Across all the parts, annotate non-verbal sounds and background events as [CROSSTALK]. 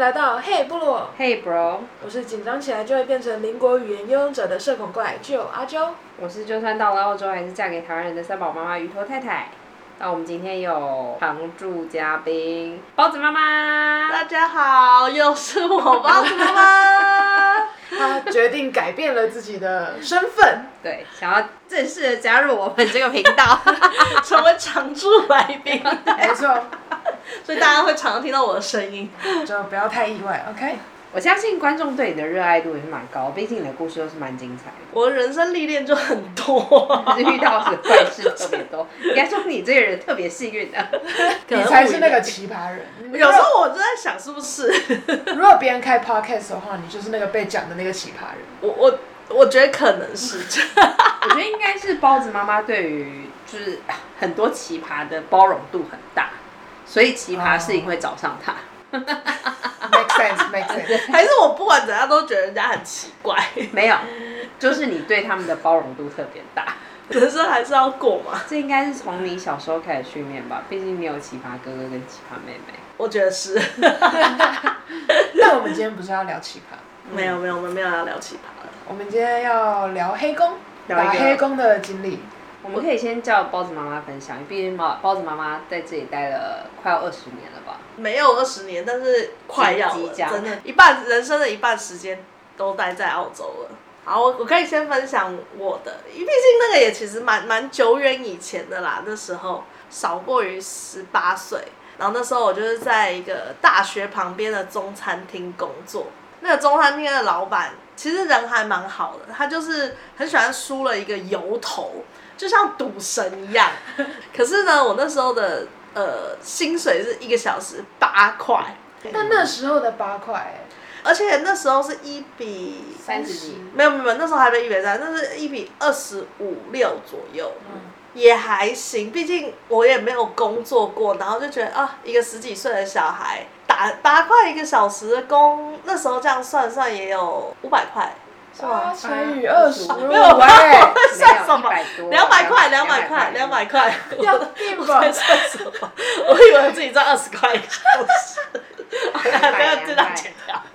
來到嘿部落，Hey Bro，Hey Bro，我是緊張起來就會變成鄰國語言擁有者的社恐怪，就阿嬌。我是就算到了澳洲還是嫁給台灣人的三寶媽媽，魚頭太太。那我們今天有常駐嘉賓包子媽媽，大家好，又是我包子媽媽。她 [LAUGHS] 決定改變了自己的身份，對，想要正式的加入我們這個頻道， [LAUGHS] 成為常駐來賓，沒錯， [LAUGHS] 所以大家會常常聽到我的聲音，就不要太意外，OK。我相信觀眾對你的熱愛度也是蠻高，畢竟你的故事都是蠻精彩的。我人生歷練就很多，啊，遇到的怪事特別多。 [LAUGHS] 應該說你這個人特別幸運的，啊， [LAUGHS] 你才是那個奇葩人。 [LAUGHS] 有時候我就在想，是不是 [LAUGHS] 如果，如果別人開 podcast 的話，你就是那個被講的那個奇葩人？ [LAUGHS] 我我我覺得可能是， [LAUGHS] 我覺得應該是包子媽媽對於就是很多奇葩的包容度很大，所以奇葩事情為會找上他。嗯 [LAUGHS] Make sense, make sense. [LAUGHS] 還是我不管怎樣都覺得人家很奇怪。 [LAUGHS] 沒有，就是你對他們的包容度特別大， [LAUGHS] 可是還是要過嘛。這應該是從你小時候開始訓練吧，畢竟你有奇葩哥哥跟奇葩妹妹。我覺得是。那 [LAUGHS] [LAUGHS] 我們今天不是要聊奇葩？ [LAUGHS] 嗯、沒有沒有，我們沒有要聊奇葩了。我們今天要聊黑工，聊黑工的經歷。哦、我們可以先叫包子媽媽分享，畢竟包包子媽媽在這裡待了快要二十年了。沒有二十年，但是快要了，真的，一半人生的一半時間都待在澳洲了。好，我可以先分享我的，因為畢竟那個也其實蠻蠻久遠以前的啦。那時候少過於十八歲，然後那時候我就是在一個大學旁邊的中餐廳工作。那個中餐廳的老闆其實人還蠻好的，他就是很喜歡梳了一個油頭，就像賭神一樣。 [LAUGHS] 可是呢，我那時候的。呃，薪水是一個小時八塊，那那時候的八塊，而且那時候是一比三十，沒有沒有沒有，那時候還沒一比三十，那是一比二十五六左右，嗯，也還行，畢竟我也沒有工作過，然後就覺得啊，一個十幾歲的小孩打八塊一個小時的工，那時候這樣算算也有五百塊。哇，乘以二十五，沒有哇，我算什麼？兩百塊，兩百塊，兩百塊，的算什麼？ [LAUGHS] 我以為我自己賺二十塊。哈哈哈哈哈！不要這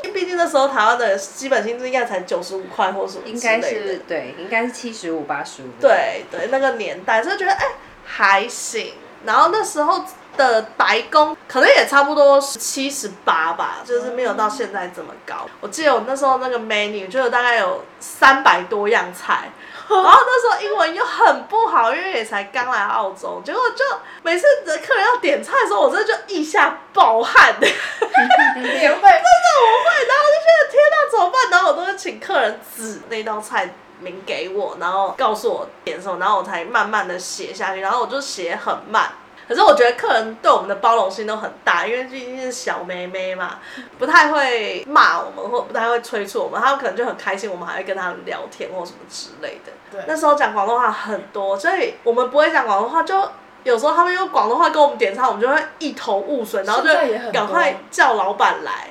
因為畢竟那時候台灣的基本薪資應該才九十五塊或是應該是對，應該是七十五八十五。對對，那個年代就覺得哎、欸，還行。然後那時候。的白工可能也差不多是七十八吧，就是沒有到現在這麼高。Oh. 我記得我那時候那個 menu 就有大概有三百多樣菜，oh. 然後那時候英文又很不好，因為也才剛來澳洲，結果就每次的客人要點菜的時候，我真的就一下爆汗，真的我會，然後我就覺得天哪、啊、怎麼辦？然後我都會請客人指那道菜名給我，然後告訴我點什麼，然後我才慢慢的寫下去，然後我就寫很慢。可是我覺得客人對我們的包容性都很大，因為畢竟是小妹妹嘛，不太會罵我們或不太會催促我們，他們可能就很開心，我們還會跟他聊天或什麼之類的。對，那時候講廣東話很多，所以我們不會講廣東話，就有時候他們用廣東話跟我們點餐，我們就會一頭霧水，然後就趕快叫老闆來。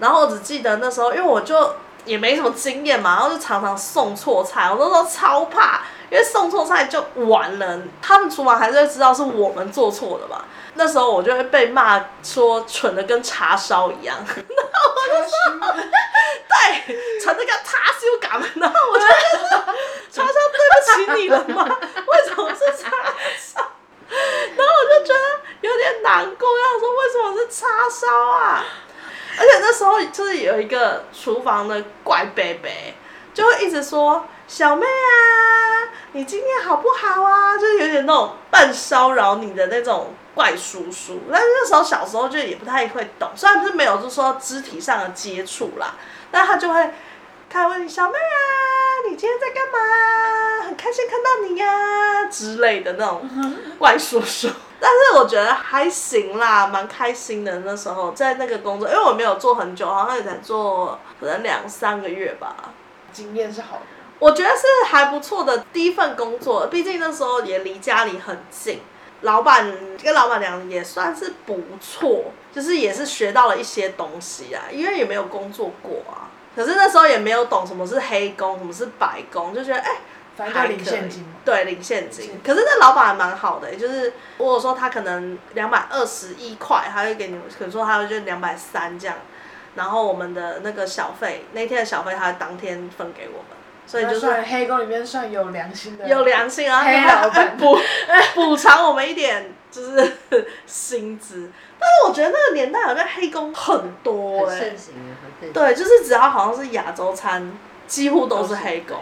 然後我只記得那時候，因為我就。也沒什麼經驗嘛，然後就常常送錯菜，我那時候超怕，因為送錯菜就完了，他們廚房還是會知道是我們做錯的嘛。那時候我就會被罵說蠢的跟叉燒一樣， [LAUGHS] 然後我就說， [LAUGHS] 對，蠢的跟叉燒感，然後我就說，叉燒對不起你了嗎？為什麼是叉燒？然後我就覺得有點難過，然後說為什麼是叉燒啊？而且那時候就是有一個廚房的怪伯伯，就會一直說：“小妹啊，你今天好不好啊？”就是有點那種半騷擾你的那種怪叔叔。但是那時候小時候就也不太會懂，雖然不是沒有就是說肢體上的接觸啦，但他就會他問你小妹啊：“你今天在幹嘛？很開心看到你呀啊之類的那種怪叔叔。”但是我覺得還行啦，蠻開心的。那時候在那個工作，因為我沒有做很久，好像也才做可能兩三個月吧。經驗是好的，我覺得是還不錯的第一份工作。畢竟那時候也離家裡很近，老闆跟老闆娘也算是不錯，就是也是學到了一些東西啊。因為也沒有工作過啊，可是那時候也沒有懂什麼是黑工，什麼是白工，就覺得哎。欸他領現金，對，領現金。是，可是那老闆還蠻好的，欸，也就是如果說他可能兩百二十一塊，他會給你們，可能 Okay. 說他會就兩百三這樣。然後我們的那個小費，那天的小費他當天分給我們，所以就是，算黑工裡面算有良心的，有良心啊，黑老闆補補償我們一點就是呵呵薪資。但是我覺得那個年代好像黑工很多，欸很盛行，很盛行對，就是只要好像是亞洲餐，幾乎都是黑工。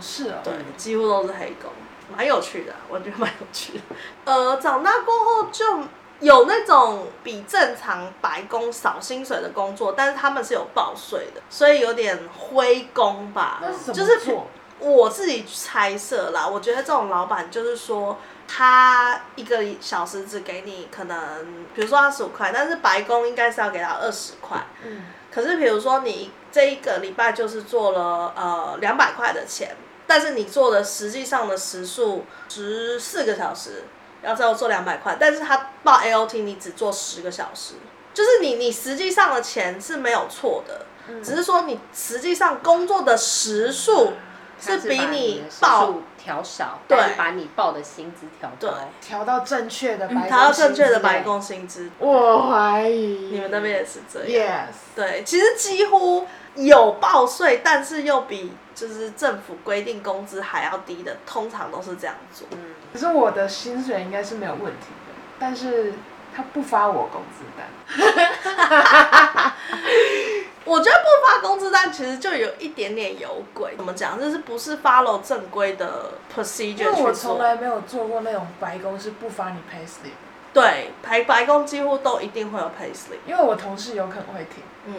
是啊，對，對，幾乎都是黑工，蠻有趣的啊，我覺得蠻有趣的。呃，長大過後就有那種比正常白工少薪水的工作，但是他們是有報稅的，所以有點灰工吧。是就是我，我自己猜測啦，我覺得這種老闆就是說他一個小時只給你可能，比如說十五塊，但是白工應該是要給他二十塊。嗯。可是比如說你這一個禮拜就是做了呃兩百塊的錢。但是你做的實際上的時數十四個小時，要照做兩百塊。但是他報 A O T，你只做十個小時，就是你你實際上的錢是沒有錯的，嗯、只是說你實際上工作的時數是比你報你調少，對，把你報的薪資調對，調到正確的白工。他要、嗯、正確的白工薪資，對我懷疑你們那邊也是這樣。Yes，對，其實幾乎有報稅，但是又比。就是政府規定工資還要低的，通常都是這樣做。嗯，可是我的薪水應該是沒有問題的，但是他不發我工資單。哈哈哈，我覺得不發工資單其實就有一點點有鬼。怎麼講？就是不是 follow 正規的 procedure 去做？因為我從來沒有做過那種白工，是不發你 payslip。對，排白工幾乎都一定會有 pay slip，因為我同事有可能會聽。嗯，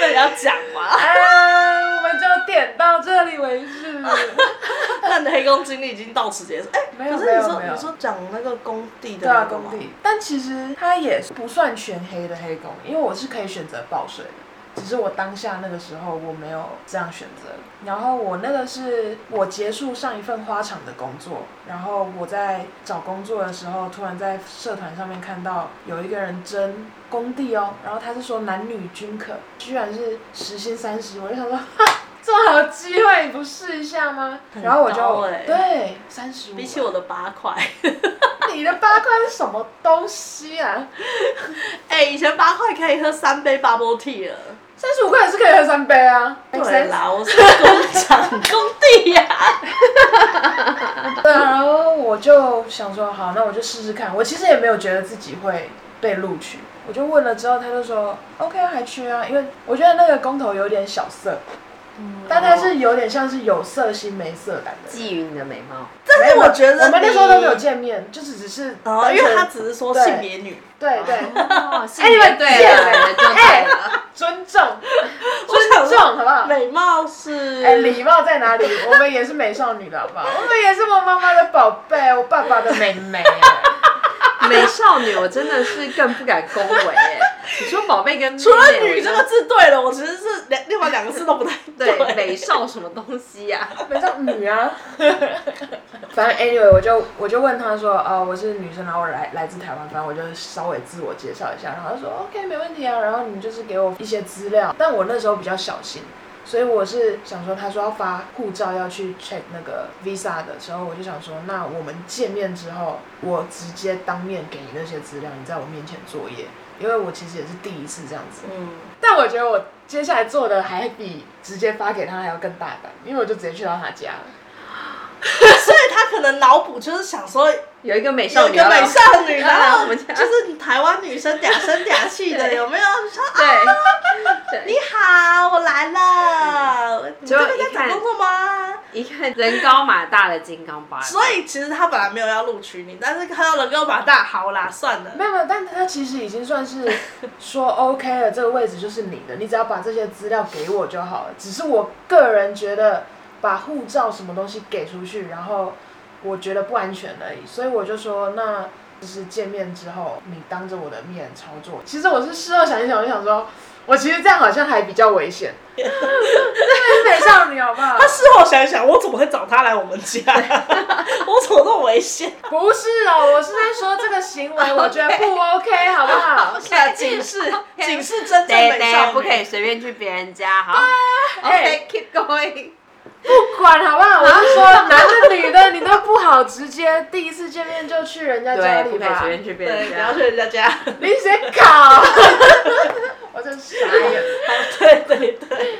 那你要講嗎？哎、呃，我們就點到這裡為止。那 [LAUGHS] [LAUGHS] 黑工經歷已經到此結束。哎、欸有，沒有沒有有。你說講那個工地的對工、啊、地。但其實它也不算全黑的黑工，因為我是可以選擇報稅。只是我當下那個時候我沒有這樣選擇，然後我那個是我結束上一份花場的工作，然後我在找工作的時候，突然在社團上面看到有一個人徵工地哦，然後他是說男女均可，居然是時薪三十，我就想說這麼好的機會你不試一下嗎？很高 然後我就對，三十五比起我的八塊， [LAUGHS] 你的八塊是什麼東西啊？哎、欸，以前八塊可以喝三杯 bubble tea 了。三十五塊也是可以喝三杯啊！對，老工廠工地呀、啊。 [LAUGHS] 然後我就想說，好，那我就試試看。我其實也沒有覺得自己會被錄取。我就問了之後，他就說 OK，還去啊？因為我覺得那個工頭有點小色，嗯、但他是有點像是有色心沒色膽的，覬覦你的美貌。但是我覺得我們那時候都沒有見面，就是只，只是哦，因為他只是說性別女，對對，因為對，對。對哦 [LAUGHS] 尊重，尊重，尊重好不好？美貌是哎，欸、禮貌在哪裡？我們也是美少女的好不好？我們也是我媽媽的寶貝，我爸爸的妹妹、欸。 [LAUGHS] 美少女，我真的是更不敢恭維、欸。哎。你說“寶貝跟美美”跟除了“女”這個字對了，我其實是兩另外 [LAUGHS] 兩個字都不太對。對美少什麼東西呀、啊？ [LAUGHS] 美少女啊。 [LAUGHS] [LAUGHS] 反正 anyway 我就我就問他說，哦，我是女生，然後我來來自台灣，反正我就稍微自我介紹一下，然後他說 OK 沒問題啊，然後你就是給我一些資料，但我那時候比較小心，所以我是想說，他說要發護照要去 check 那個 visa 的時候，我就想說，那我們見面之後，我直接當面給你那些資料，你在我面前作業。因為我其實也是第一次這樣子，嗯，但我覺得我接下來做的還比直接發給他還要更大膽，因為我就直接去到他家了，嗯、 [LAUGHS] 所以他可能腦補就是想說。有一個美少女，有一個美少女，然後就是台灣女生嗲聲嗲氣的， [LAUGHS] 對有沒有說？說、啊、你好，我來了，對你就家打講過嗎？一看人高馬大的金剛芭比，所以其實他本來沒有要錄取你，但是看到人高馬大，好啦，算了。沒有，沒有，但他其實已經算是說 OK 了， [LAUGHS] 這個位置就是你的，你只要把這些資料給我就好了。只是我個人覺得，把護照什麼東西給出去，然後。我覺得不安全而已，所以我就說，那就是見面之後你當着我的面操作。其實我是事後想一想，我就想說，我其實這樣好像還比較危險。 [LAUGHS] 這是美少女，好不好？他事後想一想，我怎麼會找他來我們家？ [LAUGHS] [LAUGHS] 我怎麼那麼危險？不是哦、喔，我是在說這個行為，我覺得不 OK，好不好？要警示，警示真正的美少女 [LAUGHS] 不可以隨便去別人家，好，我們 Okay.、okay, keep going，不管好不好，我就說， [LAUGHS] 男的女的，你都。我直接第一次見面就去人家家裡吧，對，不直接去別人家，然後 [LAUGHS] 去人家家，你誰搞？我真傻眼。對對對，對對，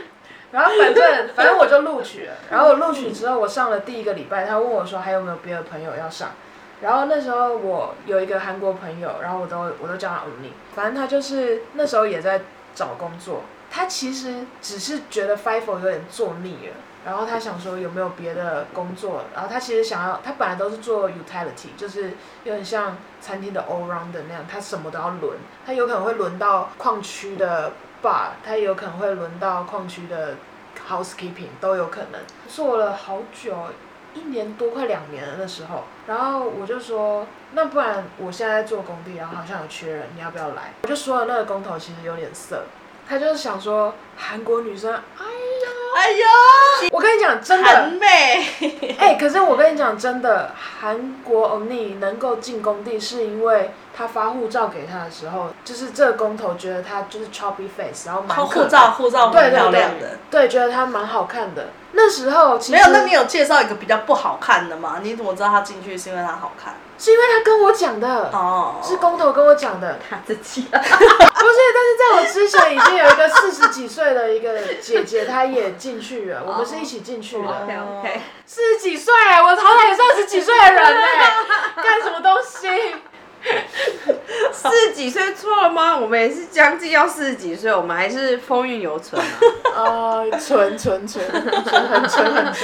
然後反正反正我就錄取了，然後錄取之後我上了第一個禮拜，他問我說還有沒有別的朋友要上，然後那時候我有一個韓國朋友，然後我都我都叫他歐尼。反正他就是那時候也在找工作，他其實只是覺得 FIFO 有點做膩了。然後他想說有沒有別的工作，然後他其實想要，他本來都是做 utility，就是有點像餐廳的 all rounder 那樣，他什麼都要輪，他有可能會輪到礦區的 bar，他有可能會輪到礦區的 housekeeping 都有可能，做了好久，一年多快兩年了那時候，然後我就說，那不然我現在在做工地，然後好像有缺人，你要不要來？我就說了那個工頭其實有點色。他就是想說韓國女生，哎呀，哎呀呦，我跟你講，真的，很美韓妹。哎、 [LAUGHS] 欸，可是我跟你講，真的，韓國歐尼能夠進工地，是因為。他發護照給他的時候，就是這個工頭覺得他就是 chubby face，然後蠻護照護照蠻漂亮的，對對對，對，覺得他蠻好看的。那時候其實沒有。那你有介紹一個比較不好看的嗎？你怎麼知道他進去是因為他好看？是因為他跟我講的哦，oh. 是工頭跟我講的。他自己 [LAUGHS] 不是，但是在我之前已經有一個四十幾歲的一個姐姐， [LAUGHS] 她也進去了，oh. 我們是一起進去的。Oh. OK，, okay. 四十幾歲，我好歹也是二十幾歲的人嘞，幹 [LAUGHS] 什麼東西？ [LAUGHS] 四十幾歲錯了嗎？好我們也是將近要四十幾歲，我們還是風韻猶存啊！ [LAUGHS] 啊，純純純純純純純。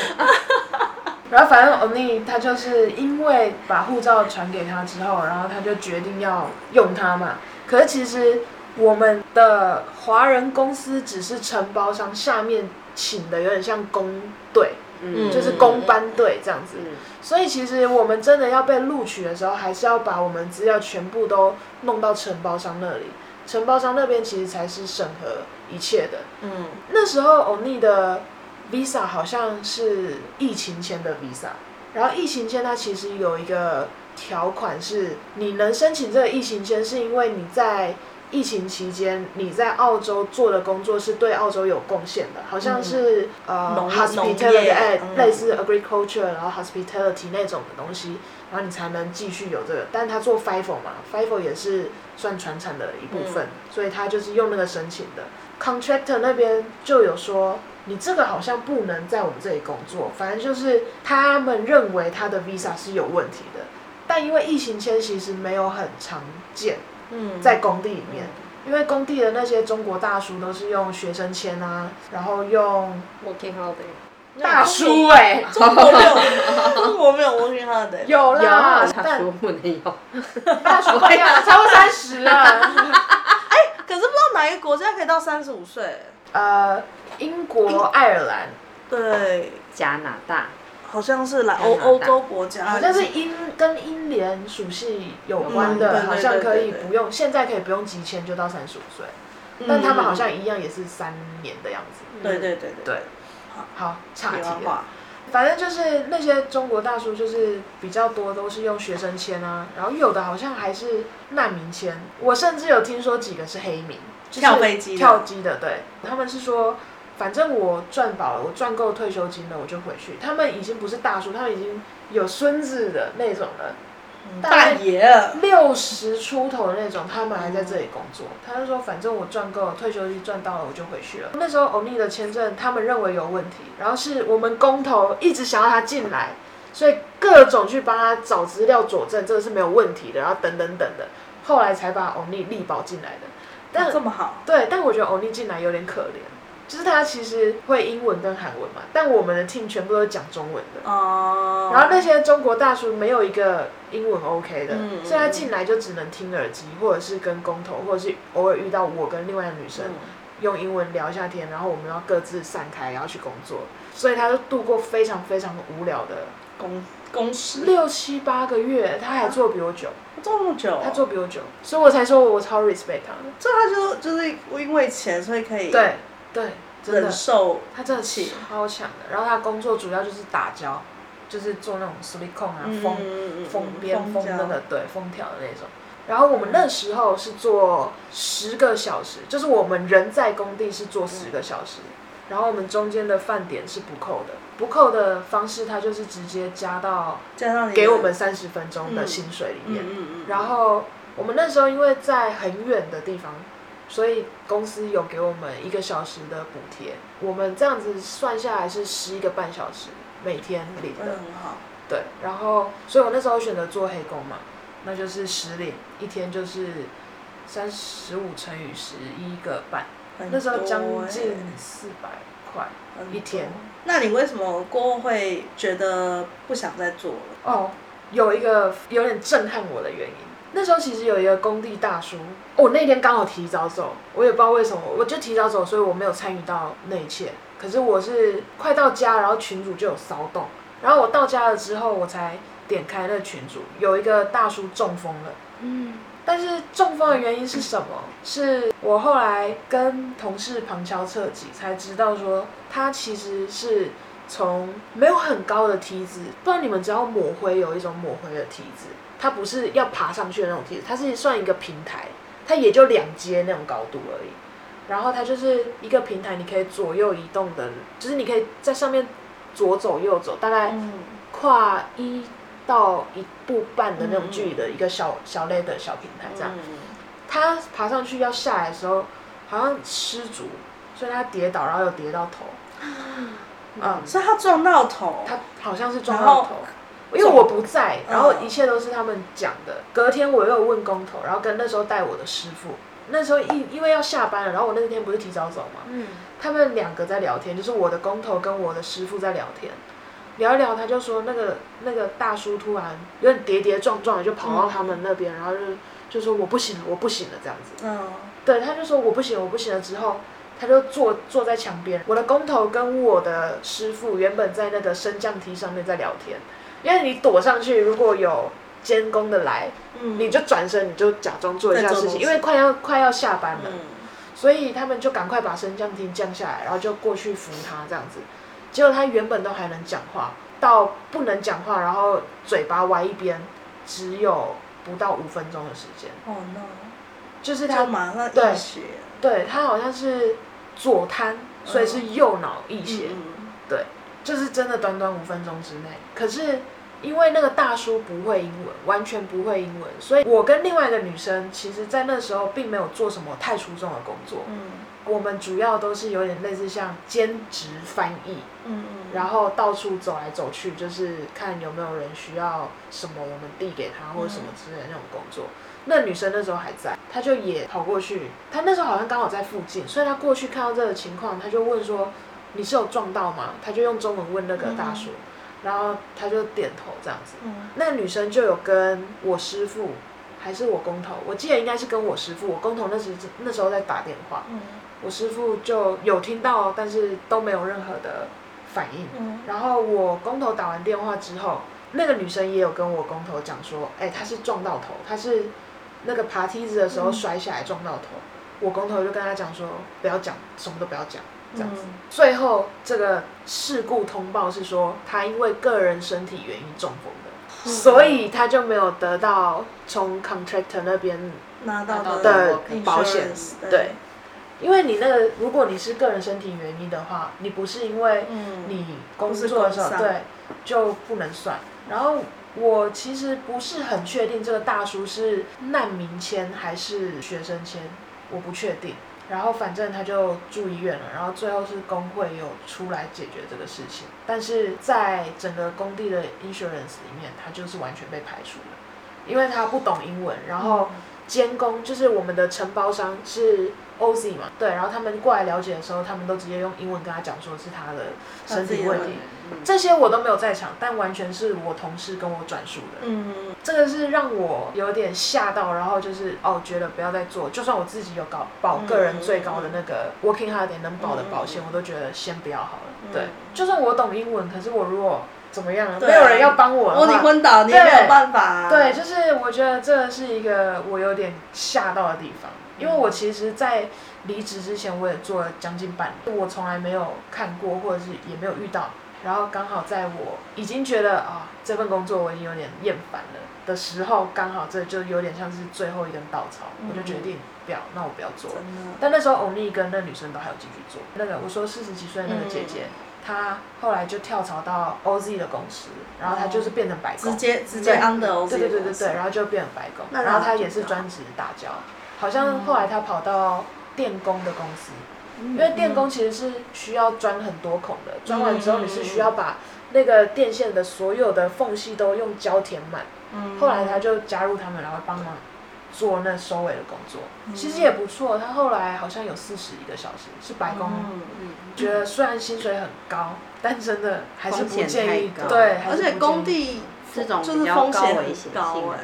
然後反正歐尼他就是因為把護照傳給他之後，然後他就決定要用他嘛。可是其實我們的華人公司只是承包商，下面請的有點像工隊。嗯、就是工班隊這樣子，嗯、所以其實我們真的要被錄取的時候，還是要把我們資料全部都弄到承包商那裡，承包商那邊其實才是審核一切的。嗯，那時候 ONI 的 Visa 好像是疫情簽的 Visa，然後疫情簽它其實有一個條款是，你能申請這個疫情簽是因為你在。疫情期間，你在澳洲做的工作是對澳洲有貢獻的，好像是、嗯、呃，hospitality、嗯、類似 agriculture、嗯、然後 hospitality 那種的東西，然後你才能繼續有這個。但他做 FIFO 嘛 FIFO 也是算傳產的一部分，嗯、所以他就是用那個申請的。contractor 那邊就有說，你這個好像不能在我們這裡工作，反正就是他們認為他的 visa 是有問題的，但因為疫情前期其實沒有很常見。嗯，在工地裡面，嗯、因為工地的那些中國大叔都是用學生簽啊，然後用 working holiday。我大叔哎、欸，中國沒有， [LAUGHS] 中國沒有 working holiday、欸。有啦，大叔不能有。大叔，差不多三十了。哎、 [LAUGHS] 欸，可是不知道哪一個國家可以到三十五歲？呃，英國、英國愛爾蘭，對，加拿大。好像是來歐歐洲國家，嗯，好像是英跟英聯屬系有關的，嗯，好像可以不用，現在可以不用急簽就到三十五歲，嗯，但他們好像一樣也是三年的樣子。對對對對，對好差幾年。反正就是那些中國大叔，就是比較多都是用學生簽啊，然後有的好像還是難民簽，我甚至有聽說幾個是黑名，跳飛機跳機的，機的對他們是說。反正我賺飽了，我賺夠退休金了，我就回去。他們已經不是大叔，他們已經有孫子的那種了。大爺，六十出頭的那種，他們還在這裡工作。他就說，反正我賺夠了退休金，賺到了我就回去了。那時候歐尼的簽證他們認為有問題，然後是我們工頭一直想要他進來，所以各種去幫他找資料佐證，這個是沒有問題的。然後等等等等的，後來才把歐尼力保進來的。但這麼好，對，但我覺得歐尼進來有點可憐。就是他其實會英文跟韓文嘛，但我們的 team 全部都是講中文的。哦。Oh. 然後那些中國大叔，沒有一個英文 OK 的，mm. 所以他進來就只能聽耳機，或者是跟工頭，或者是偶爾遇到我跟另外一個女生、mm. 用英文聊一下天，然後我們要各自散開，然後去工作。所以他就度過非常非常無聊的工工時。六七八個月，他還做比我久，他做、啊、那麼久、啊。他做比我久，所以我才說我超 respect 他。這他就就是因為錢，所以可以。對。對，真的，他受真的氣，超強的。起然後他工作主要就是打膠，就是做那種 silicone 啊，封封、嗯、邊、封焦那個對封條的那種。然後我們那時候是做十個小時，嗯、就是我們人在工地是做十個小時，嗯、然後我們中間的飯點是不扣的，不扣的方式他就是直接加到加上給我們三十分鐘的薪水裡面。嗯、然後我們那時候因為在很遠的地方。所以公司有給我們一個小時的補貼，我們這樣子算下來是十一個半小時，每天領的、嗯嗯。好。對，然後，所以我那時候選擇做黑工嘛，那就是時領，一天就是三十五乘以十一個半，欸、那時候將近四百塊一天。那你為什麼過後會覺得不想再做了？哦，有一個有點震撼我的原因。那時候其實有一個工地大叔，我那天剛好提早走，我也不知道為什麼，我就提早走，所以我沒有參與到那一切。可是我是快到家，然後群組，就有騷動，然後我到家了之後，我才點開那個群組，有一個大叔中風了。嗯，但是中風的原因是什麼？ [COUGHS] 是我後來跟同事旁敲側擊才知道，說他其實是從沒有很高的梯子，不然你們只要抹灰，有一種抹灰的梯子。它不是要爬上去的那種梯子，它是算一個平台，它也就兩階那種高度而已。然後它就是一個平台，你可以左右移動的，就是你可以在上面左走右走，大概跨一到一步半的那種距離的一個小、嗯、小類的小平台這樣。嗯、它爬上去要下來的時候，好像失足，所以它跌倒，然後又跌到頭。啊嗯、所以它撞到頭。它好像是撞到頭。因為我不在，然後一切都是他們講的、oh. 然後一切都是他們講的。隔天我又問工頭，然後跟那時候帶我的師傅，那時候因因為要下班了，然後我那天不是提早走嘛，嗯，他們兩個在聊天，就是我的工頭跟我的師傅在聊天，聊一聊，他就說那個那個大叔突然有點跌跌撞撞的，就跑到他們那邊，嗯、然後就就說我不行了，我不行了這樣子，嗯，oh. 對，他就說我不行，我不行了之後，他就坐坐在牆邊。我的工頭跟我的師傅原本在那個升降梯上面在聊天。因為你躲上去，如果有監工的來，嗯、你就轉身，你就假裝做一下事情。因為快要快要下班了，嗯、所以他們就趕快把升降梯降下來，然後就過去扶他，這樣子。結果他原本都還能講話，到不能講話，然後嘴巴歪一邊，只有不到五分鐘的時間。哦，oh no，就是他就腦溢血了對，對他好像是左癱，所以是右腦溢血。Oh. 對，嗯、就是真的短短五分鐘之內，可是。因為那個大叔不會英文，完全不會英文，所以我跟另外一個女生，其實在那時候並沒有做什麼太出眾的工作。嗯，我們主要都是有點類似像兼職翻譯，嗯嗯，然後到處走來走去，就是看有沒有人需要什麼，我們遞給他或者什麼之類的那種工作。嗯，那女生那時候還在，她就也跑過去，她那時候好像剛好在附近，所以她過去看到這個情況，她就問說：“你是有撞到嗎？”她就用中文問那個大叔。嗯然後他就點頭這樣子，嗯、那女生就有跟我師傅，還是我工頭，我記得應該是跟我師傅。我工頭那時那時候在打電話，嗯、我師傅就有聽到，但是都沒有任何的反應。嗯、然後我工頭打完電話之後，那個女生也有跟我工頭講說，哎，她是撞到頭，她是那個爬梯子的時候摔下來撞到頭。嗯、我工頭就跟他講說，不要講，什麼都不要講。這樣子，嗯、最後這個事故通報是說他因為個人身體原因中風的，嗯、所以他就沒有得到從 contractor 那邊拿到的保險。對，因為你那個如果你是個人身體原因的話，你不是因為你工作的時候對，就不能算。然後我其實不是很確定這個大叔是難民簽還是學生簽，我不確定。然後反正他就住醫院了，然後最後是工會有出來解決這個事情，但是在整個工地的 insurance 裡面，他就是完全被排除了，因為他不懂英文，然後。監工就是我們的承包商是 OZ 嘛，對，然後他們過來了解的時候，他們都直接用英文跟他講，說是他的身體問題，啊這，嗯、這些我都沒有在場，但完全是我同事跟我轉述的，嗯，這個是讓我有點嚇到，然後就是哦，覺得不要再做，就算我自己有搞保個人最高的那個 working holiday 點能保的保險，嗯、我都覺得先不要好了，嗯、對，就算我懂英文，可是我如果。怎麼樣對、啊，沒有人要幫我，我你昏倒，你也沒有辦法、啊對。對，就是我覺得這是一個我有點嚇到的地方，嗯、因為我其實，在離職之前我也做了將近半年，我從來沒有看過或者是也沒有遇到。然後剛好在我已經覺得啊、哦，這份工作我已經有點厭煩了的時候，剛好這就有點像是最後一根稻草，嗯、我就決定不要，那我不要做了。嗯、但那時候，歐尼跟那女生都還有繼續做。那個我說四十幾歲那個姐姐。嗯他後來就跳槽到 OZ 的公司，然後他就是變成白工，直接對直接 under OZ 公司，對對對對，然後就變成白工，那然後他也是專職打膠。啊、好像後來他跑到電工的公司，嗯、因為電工其實是需要鑽很多孔的，嗯、鑽完之後你是需要把那個電線的所有的縫隙都用膠填滿。嗯、後來他就加入他們，然後幫忙做那收尾的工作，嗯、其實也不錯。他後來好像有四十一個小時，是白工。嗯嗯覺得雖然薪水很高，但真的還是不建議。高。對，而且工地這種就是風險高，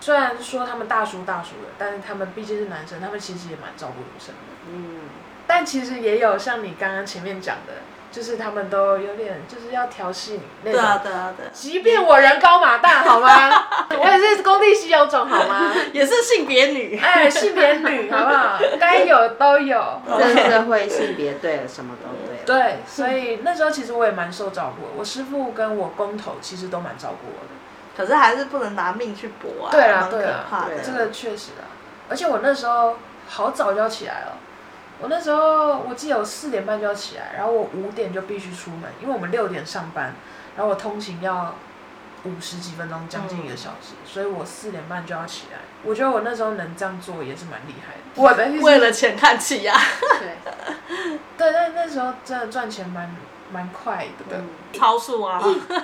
雖然說他們大叔大叔的，但是他們畢竟是男生，他們其實也蠻照顧女生的。嗯，但其實也有像你剛剛前面講的。就是他們都有點就是要調戲你那種。對啊對啊對。即便我人高馬大，好嗎？我也是工地西遊種，好嗎？也是性別女。哎，性別女，好不好？該有都有。這社會性別對，什麼都對。對，所以那時候其實我也蠻受照顧的，我師傅跟我工頭其實都蠻照顧我的。可是還是不能拿命去搏啊。對啊對啊。這個確實啊。而且我那時候好早就要起來了。我那時候，我記得我四點半就要起來，然後我五點就必須出門，因為我們六點上班，然後我通勤要五十幾分鐘，將近一個小時，嗯、所以我四點半就要起來。我覺得我那時候能這樣做也是蠻厲害的，我的意思是為了錢看起呀、啊。對， [LAUGHS] 對，那那時候真的賺錢蠻蠻快的，超速啊！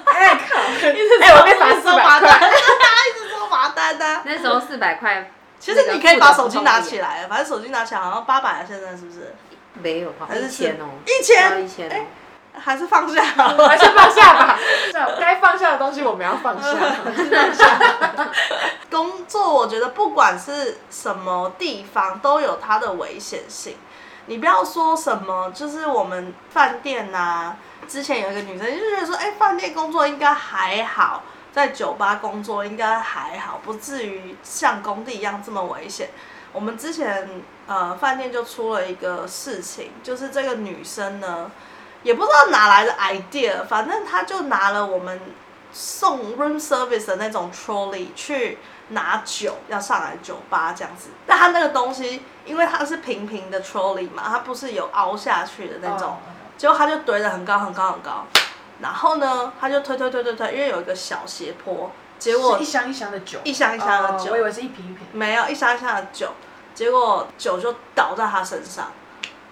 哎靠、 [LAUGHS] 欸，哎，我被罰四百，哈哈一直說罰單的。那時候四百塊。其實你可以把手機拿起來，反正手機拿起來好像八百啊，現在是不是？沒有吧？哦、還是，是一千哦？一千,一千、哦欸？還是放下、嗯，還是放下吧。 [LAUGHS] 該放下的東西我們要放下。還是放下。工作，我覺得不管是什麼地方都有它的危險性。你不要說什麼，就是我們飯店吶、啊，之前有一個女生就覺得說，哎、欸，飯店工作應該還好。在酒吧工作應該還好，不至於像工地一樣這麼危險。我們之前呃飯店就出了一個事情，就是這個女生呢，也不知道哪來的 idea，反正她就拿了我們送 room service 的那種 trolley 去拿酒要上來酒吧這樣子。但她那個東西，因為它是平平的 trolley 嘛，它不是有凹下去的那種，oh. 結果她就堆得很高很高很高。然後呢，他就推推推推推，因為有一個小斜坡，結果是一箱一箱的酒，一箱一箱的酒，oh, 我以為是一瓶一瓶，沒有一箱一箱的酒，結果酒就倒在他身上，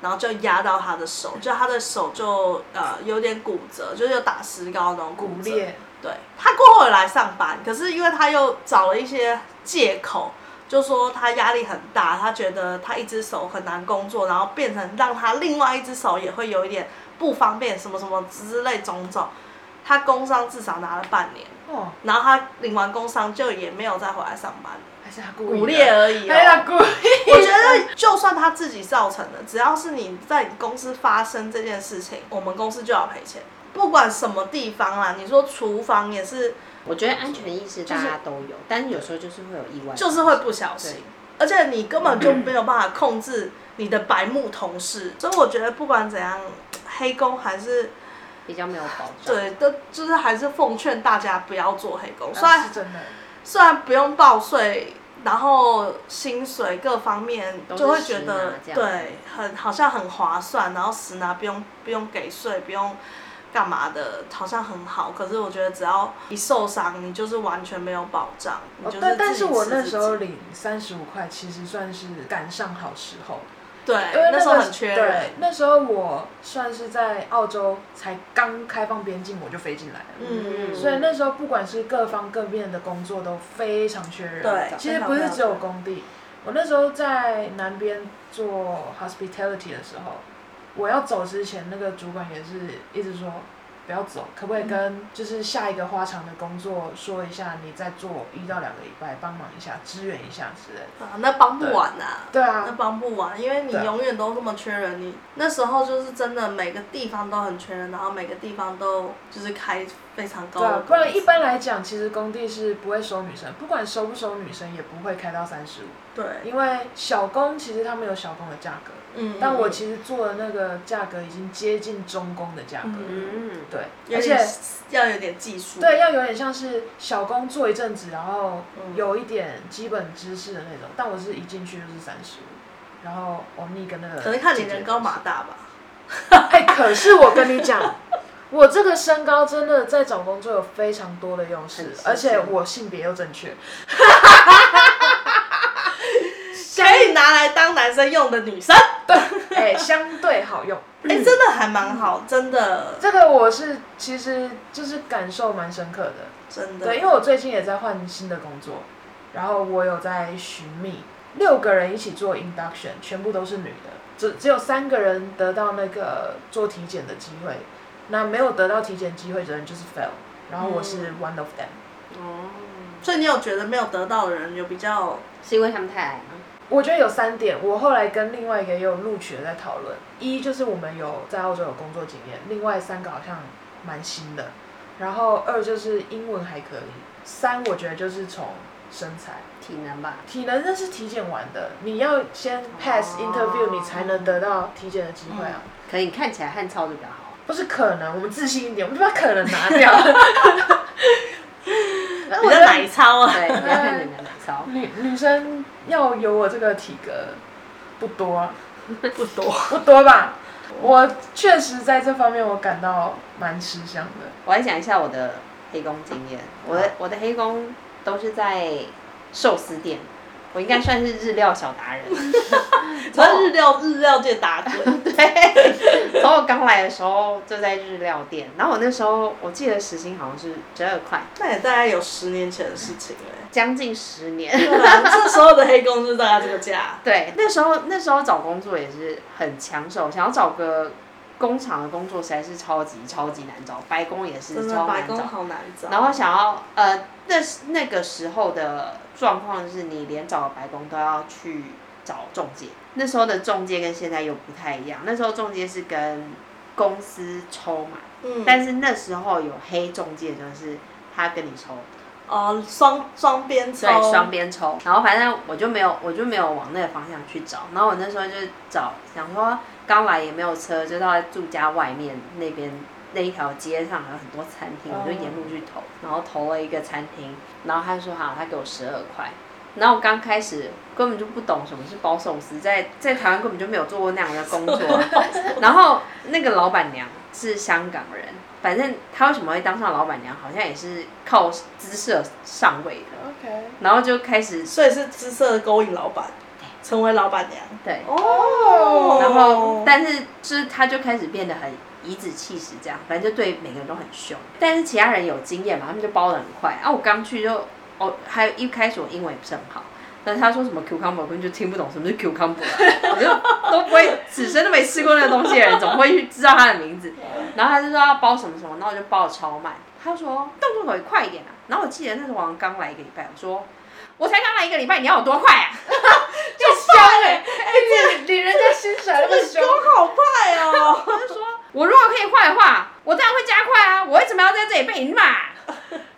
然後就壓到他的手，就他的手就呃有點骨折，就是打石膏的那種骨裂。嗯、裂對，他過後來上班，可是因為他又找了一些借口，就說他壓力很大，他覺得他一隻手很難工作，然後變成讓他另外一隻手也會有一點。不方便什麼什麼之類種種，他工傷至少拿了半年，oh. 然後他領完工傷就也沒有再回來上班了，還是故意的而已、喔。對，我覺得就算他自己造成的，只要是你在公司發生這件事情，我們公司就要賠錢，不管什麼地方啦。你說廚房也是，我覺得安全意識大家都有，就是、對但有時候就是會有意外，就是會不小心，對而且你根本就沒有辦法控制你的白目同事，嗯、所以我覺得不管怎樣。黑工還是比較沒有保障，對，都就，就是還是奉勸大家不要做黑工。雖然是真的，雖然不用報稅，然後薪水各方面就會覺得對，很好像很划算，然後實拿不用不用給稅，不用幹嘛的，好像很好。可是我覺得只要一受傷，你就是完全沒有保障。但、哦、但是我那時候領三十五塊，其實算是趕上好時候。對，因為、那個、那時候很缺人。對，那時候我算是在澳洲才剛開放邊境，我就飛進來了。嗯嗯。所以那時候不管是各方各面的工作都非常缺人。對，其實不是只有工地。我那時候在南邊做 hospitality 的時候，我要走之前，那個主管也是一直說。不要走，可不可以跟就是下一個花場的工作說一下，你再做一到兩個禮拜，幫忙一下，支援一下，之類的。啊，那幫不完吶、啊。對啊。那幫不完，因為你永遠都這麼缺人。對你那時候就是真的每個地方都很缺人，然後每個地方都就是開非常高。對、啊，不然一般來講，其實工地是不會收女生，不管收不收女生，也不會開到三十五。對。因為小工其實他們有小工的價格。嗯，但我其實做的那個價格已經接近中工的價格，嗯，對，點而且要有點技術，對，要有點像是小工做一陣子，然後有一點基本知識的那種。嗯、但我是一進去就是三十五，然後歐尼跟那個可能看你人高馬大吧、哎，可是我跟你講， [LAUGHS] 我這個身高真的在找工作有非常多的優勢，是而且我性別又正確。 [LAUGHS] 來當男生用的女生， [LAUGHS] 對，哎、欸，相對好用，哎、欸，真的還蠻好，嗯、真的。這個我是其實就是感受蠻深刻的，真的。對，因為我最近也在換新的工作，然後我有在尋覓六個人一起做 induction，全部都是女的，只只有三個人得到那個做體檢的機會，那沒有得到體檢機會的人就是 fail，然後我是 one of them。嗯、哦，所以你有覺得沒有得到的人有比較是因為他們太矮嗎？我覺得有三點，我後來跟另外一個也有錄取的在討論。一就是我們有在澳洲有工作經驗，另外三個好像蠻新的。然後二就是英文還可以。三我覺得就是從身材、體能吧。體能那是體檢完的，你要先 pass interview，、哦、你才能得到體檢的機會啊。嗯、可以，你看起來漢超就比較好。不是可能，我們自信一點，我們就把可能拿掉了。哈哈 [LAUGHS] [LAUGHS] 比較奶超啊。超啊對。嗯女、女生要有我這個體格不多，不多 [LAUGHS] 不多吧。 [LAUGHS] 我確實在這方面我感到蠻吃香的。我來講一下我的黑工經驗。我的我的黑工都是在壽司店。我應該算是日料小達人，從 [LAUGHS] 日料 [LAUGHS] 我日料店打工，對。從我剛來的時候就在日料店，然後我那時候我記得時薪好像是十二塊，那也大概有十年前的事情了、欸，將近十年。對啊、這那時候的黑工資大概這個價。 [LAUGHS] 對，那時候那時候找工作也是很搶手，想要找個工廠的工作實在是超級超級難找，白工也是超難找好難找。然後想要呃，那那個時候的。狀況是你連找的白工都要去找中介，那時候的中介跟現在又不太一樣，那時候中介是跟公司抽嘛，嗯，但是那時候有黑中介，就是他跟你抽，哦，雙雙邊抽，對，雙邊抽，然後反正我就沒有，我就沒有往那個方向去找，然後我那時候就找，想說剛來也沒有車，就到住家外面那邊。那一條街上還有很多餐廳，我、oh. 就沿路去投，然後投了一個餐廳，然後他就說好，他給我十二塊。然後我剛開始根本就不懂什麼是包壽司，在在台灣根本就沒有做過那樣的工作。 [LAUGHS] 然後那個老板娘是香港人，反正她為什麼會當上老板娘，好像也是靠姿色上位的。OK，然後就開始，所以是姿色勾引老板，成為老板娘。對，哦，oh. 然後但是是她就開始變得很頤指氣使這樣，反正就對每個人都很凶。但是其他人有經驗嘛，他們就包的很快。啊，我剛去就，哦，還有一開始我英文也不是很好，但是他說什麼 cucumber，我就聽不懂什麼是 cucumber [LAUGHS] 我就都不會，此生都沒吃過那個東西的人，怎麼會去知道他的名字？然後他就說要包什麼什麼，然後我就包的超慢。他說，動作可以快一點啊。然後我記得那時候我剛來一個禮拜，我說我才剛來一個禮拜，你要有多快？啊？ [LAUGHS] 被罵，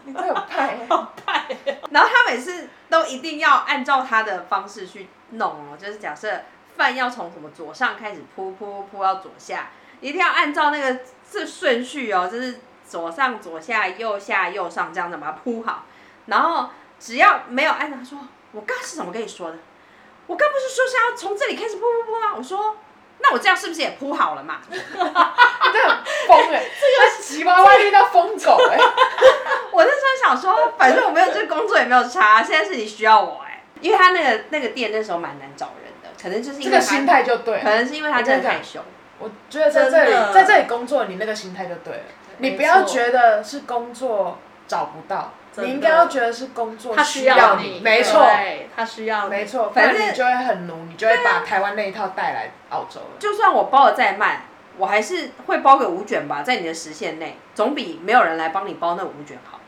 你太有派，好派。然後他每次都一定要按照他的方式去弄哦，就是假設飯要從什麼左上開始鋪鋪鋪到左下，一定要按照那個這順序哦，就是左上左下右下右上這樣子把它鋪好。然後只要沒有按照，他說，我剛是怎麼跟你說的？我剛不是說是要從這裡開始鋪鋪鋪嗎？我說。那我這樣是不是也鋪好了嘛？這樣瘋哎，這個奇奇怪遇到瘋狗哎、欸！ [LAUGHS] 我那時候想說，反正我沒有這工作也沒有差，現在是你需要我哎、欸，因為他那個那個店那時候蠻難找人的，可能就是因為這個心態就對，可能是因為他真的太凶。我覺得在這裡在這裡工作，你那個心態就對了，的你不要覺得是工作找不到。你應該要覺得是工作需要你，沒錯，他需要，你。沒錯。反正你就會很濃，是你就會把台灣那一套帶來澳洲了、啊。就算我包的再慢，我還是會包個五卷吧，在你的時限內，總比沒有人來幫你包那五卷好。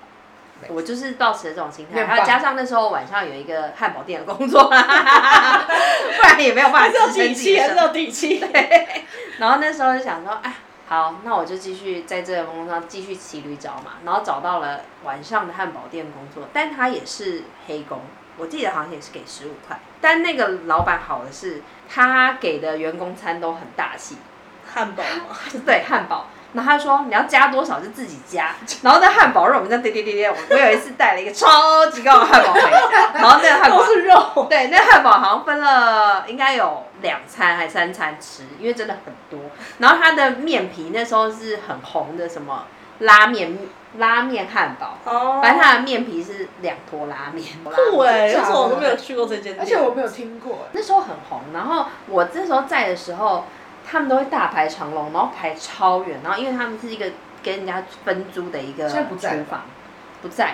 錯我就是到此的這種心態，辦然後加上那時候晚上有一個漢堡店的工作， [LAUGHS] [LAUGHS] 不然也沒有辦法支撐 [LAUGHS] 自己的底氣。 [LAUGHS] [LAUGHS] 然後那時候就想說，哎。好，那我就繼續在這個公路上繼續騎驢找馬，然後找到了晚上的漢堡店工作，但他也是黑工，我記得好像也是給十五塊。但那個老闆好的是，他給的員工餐都很大氣，漢堡嗎？啊？對，漢堡。那他說你要加多少就自己加，然後那漢堡肉我們在疊疊疊，我有一次帶了一個超級高的漢堡回來， [LAUGHS] 然後那個漢堡是肉，對，那漢堡好像分了應該有。兩餐還三餐吃，因為真的很多。然後它的麵皮那時候是很紅的，什麼拉麵、拉麵漢堡。哦。Oh. 反正它的麵皮是兩坨拉麵。對耶！那時候我都沒有去過這間店，而且我沒有聽過。聽過那時候很紅。然後我那時候在的時候，他們都會大排長龍，然後排超遠。然後因為他們是一個跟人家分租的一個廚房，不在，不在，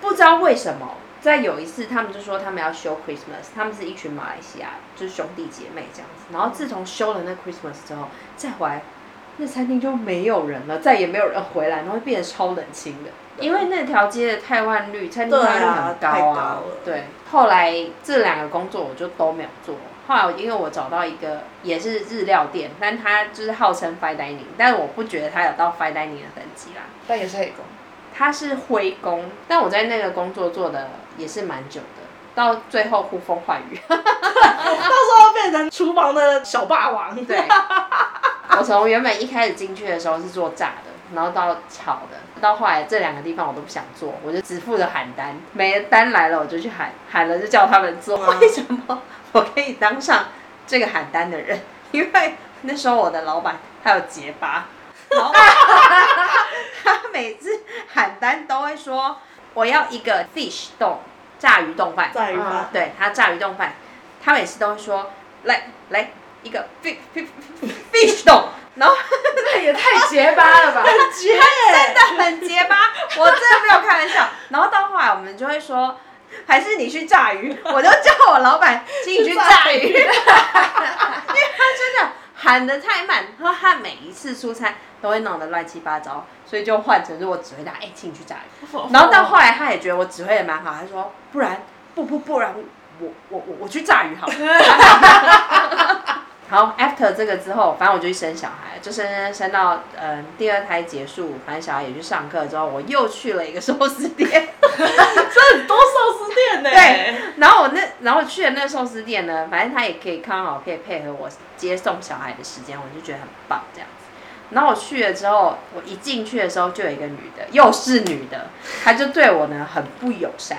不知道為什麼。再有一次，他們就說他們要休 Christmas，他們是一群馬來西亞，就是兄弟姐妹這樣子。然後自從休了那 Christmas 之後，再回來，那餐廳就沒有人了，再也沒有人回來，然後變得超冷清的。對。因為那條街的泰萬率餐廳率很高啊。對啊，太高了。對，後來這兩個工作我就都沒有做。後來因為我找到一個也是日料店，但他就是號稱 fine dining，但是我不覺得他有到 fine dining 的等級啦。但也是黑工。他是灰工，但我在那個工作做的。也是蠻久的，到最後呼風喚雨， [LAUGHS] [LAUGHS] 到時候變成廚房的小霸王。對， [LAUGHS] 我從原本一開始進去的時候是做炸的，然後到炒的，到後來這兩個地方我都不想做，我就只負責喊單。每單來了我就去喊，喊了就叫他們做。為什麼我可以當上這個喊單的人？ [LAUGHS] 因為那時候我的老闆他有結巴，然後他每次喊單都會說。我要一個 fish 洞，炸魚凍飯，炸魚飯、嗯，對，他炸魚凍飯，他每次都會說來來一個 fish 洞，然後那也太結巴了吧，真的、哦、很，很結巴，我真的沒有開玩笑。 [LAUGHS] 然後到後來我們就會說，還是你去炸魚，我就叫我老板請你去炸魚，炸魚 [LAUGHS] 因為他真的。喊得太慢，喝，後他每一次出差都會弄得亂七八糟，所以就換成是我指揮拿哎，請你去炸魚。哦哦、然後到後來，他也覺得我指揮也蠻好，他說不然不不不然我我我我去炸魚好了。 [LAUGHS] [LAUGHS] 然後 after 這個之後，反正我就去生小孩，就生生生到嗯、呃、第二胎結束，反正小孩也去上課之後，我又去了一個壽司店，這很多壽司店呢、欸。對，然後我那然後去了那個壽司店呢，反正他也可以剛好可以配合我接送小孩的時間，我就覺得很棒這樣子。然後我去了之後，我一進去的時候就有一個女的，又是女的，她就對我呢很不友善。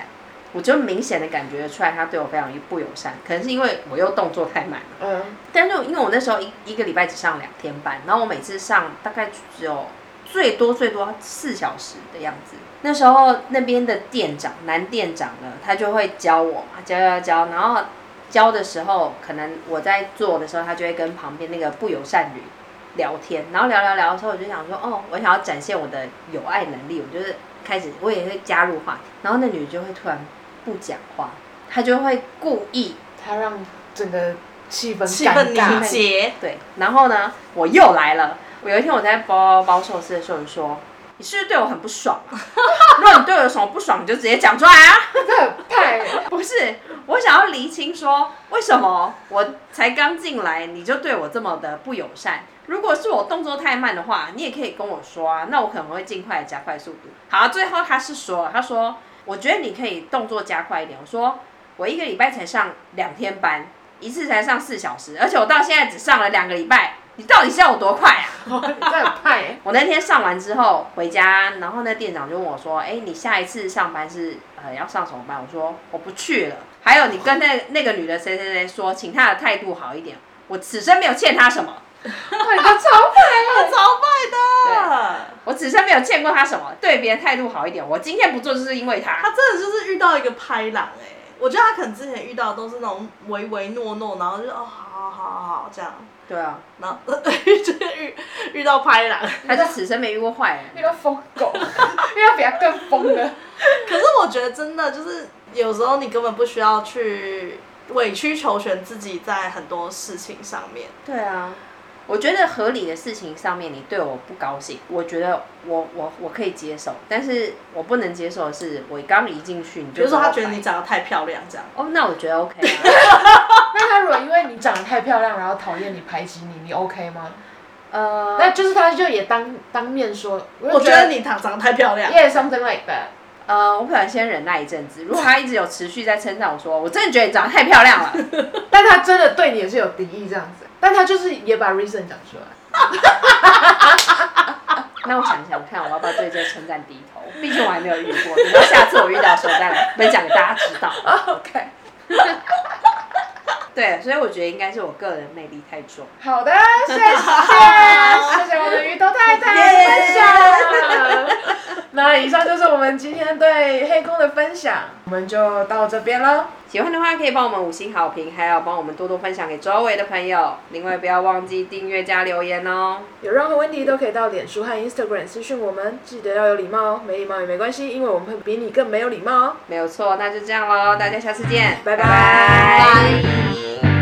我就明顯的感覺出來，他對我非常不友善，可能是因為我又動作太慢了。嗯，但是因為我那時候一一個禮拜只上兩天班，然後我每次上大概只有最多最多四小時的樣子。那時候那邊的店長，男店長呢，他就會教我嘛，教教教，然後教的時候，可能我在做的時候，他就會跟旁邊那個不友善女聊天，然後聊聊聊的時候，我就想說，哦，我想要展現我的友愛的能力，我就是開始，我也會加入話題，然後那女的就會突然。不講話，他就會故意，他讓整個氣氛尷尬。尬結，對，然後呢，我又來了。我有一天我在包包壽司的時候，就說：“你是不是對我很不爽啊？ [LAUGHS] 如果你對我有什麼不爽，你就直接講出來啊！”這 [LAUGHS] [LAUGHS] 不是，我想要釐清說，說為什麼我才剛進來，你就對我這麼的不友善？如果是我動作太慢的話，你也可以跟我說啊，那我可能會盡快加快速度。好，最後他是說：“他說。”我覺得你可以動作加快一點。我說，我一個禮拜才上兩天班，一次才上四小時，而且我到現在只上了兩個禮拜。你到底是要我多快，啊？這麼快？欸、 [LAUGHS] 我那天上完之後回家，然後那店長就問我說：“哎，你下一次上班是呃要上什麼班？”我說我不去了。還有你跟那，哦，那個女的誰誰誰說，請她的態度好一點。我此生沒有欠她什麼。 [LAUGHS] 哎、他超壞的，他超壞的對。我此生沒有見過他什麼對別人態度好一點。我今天不做，就是因為他。他真的就是遇到一個拍狼哎、欸！我覺得他可能之前遇到的都是那種唯唯諾諾，然後就哦好好好，好這樣。對啊，然後直接 [LAUGHS] 遇遇到拍狼，他在此生沒遇過壞人、欸，遇到瘋狗，遇到比他更瘋的。 [LAUGHS] 可是我覺得真的就是有時候你根本不需要去委曲求全自己在很多事情上面。對啊。我覺得合理的事情上面，你對我不高興，我覺得我我我可以接受，但是我不能接受的是，我剛一進去你就說、OK，比如說他覺得你長得太漂亮這樣。哦，那我覺得 OK 啊。 [LAUGHS] 啊，那他如果因為你長得太漂亮，然後討厭你排擠你，你 OK 嗎？呃，那就是他就也當當面說我，我覺得你長長得太漂亮。Yeah，something like that。呃，我可能先忍耐一陣子，如果他一直有持續在稱讚我說，我真的覺得你長得太漂亮了，但他真的對你也是有敵意這樣子。但他就是也把 reason 講出來， [LAUGHS] [LAUGHS] 那我想一想看，我要不要對這稱讚低頭？畢竟我還沒有遇過，等到下次我遇到的時候再來分享給大家知道。 [LAUGHS] OK， [LAUGHS] 對，所以我覺得應該是我個人魅力太重。好的，謝謝， [LAUGHS] 謝謝我們的魚都太太 Yeah 分享。 [LAUGHS] 那以上就是我們今天對黑工的分享，我們就到這邊囉。喜歡的話可以幫我們五星好評，還有幫我們多多分享給周圍的朋友。另外不要忘記訂閱加留言哦。有任何問題都可以到臉書和 Instagram 私訊我們，記得要有禮貌哦，沒禮貌也沒關係，因為我們會比你更沒有禮貌哦，沒有錯。那就這樣嘍，大家下次見，拜拜 bye。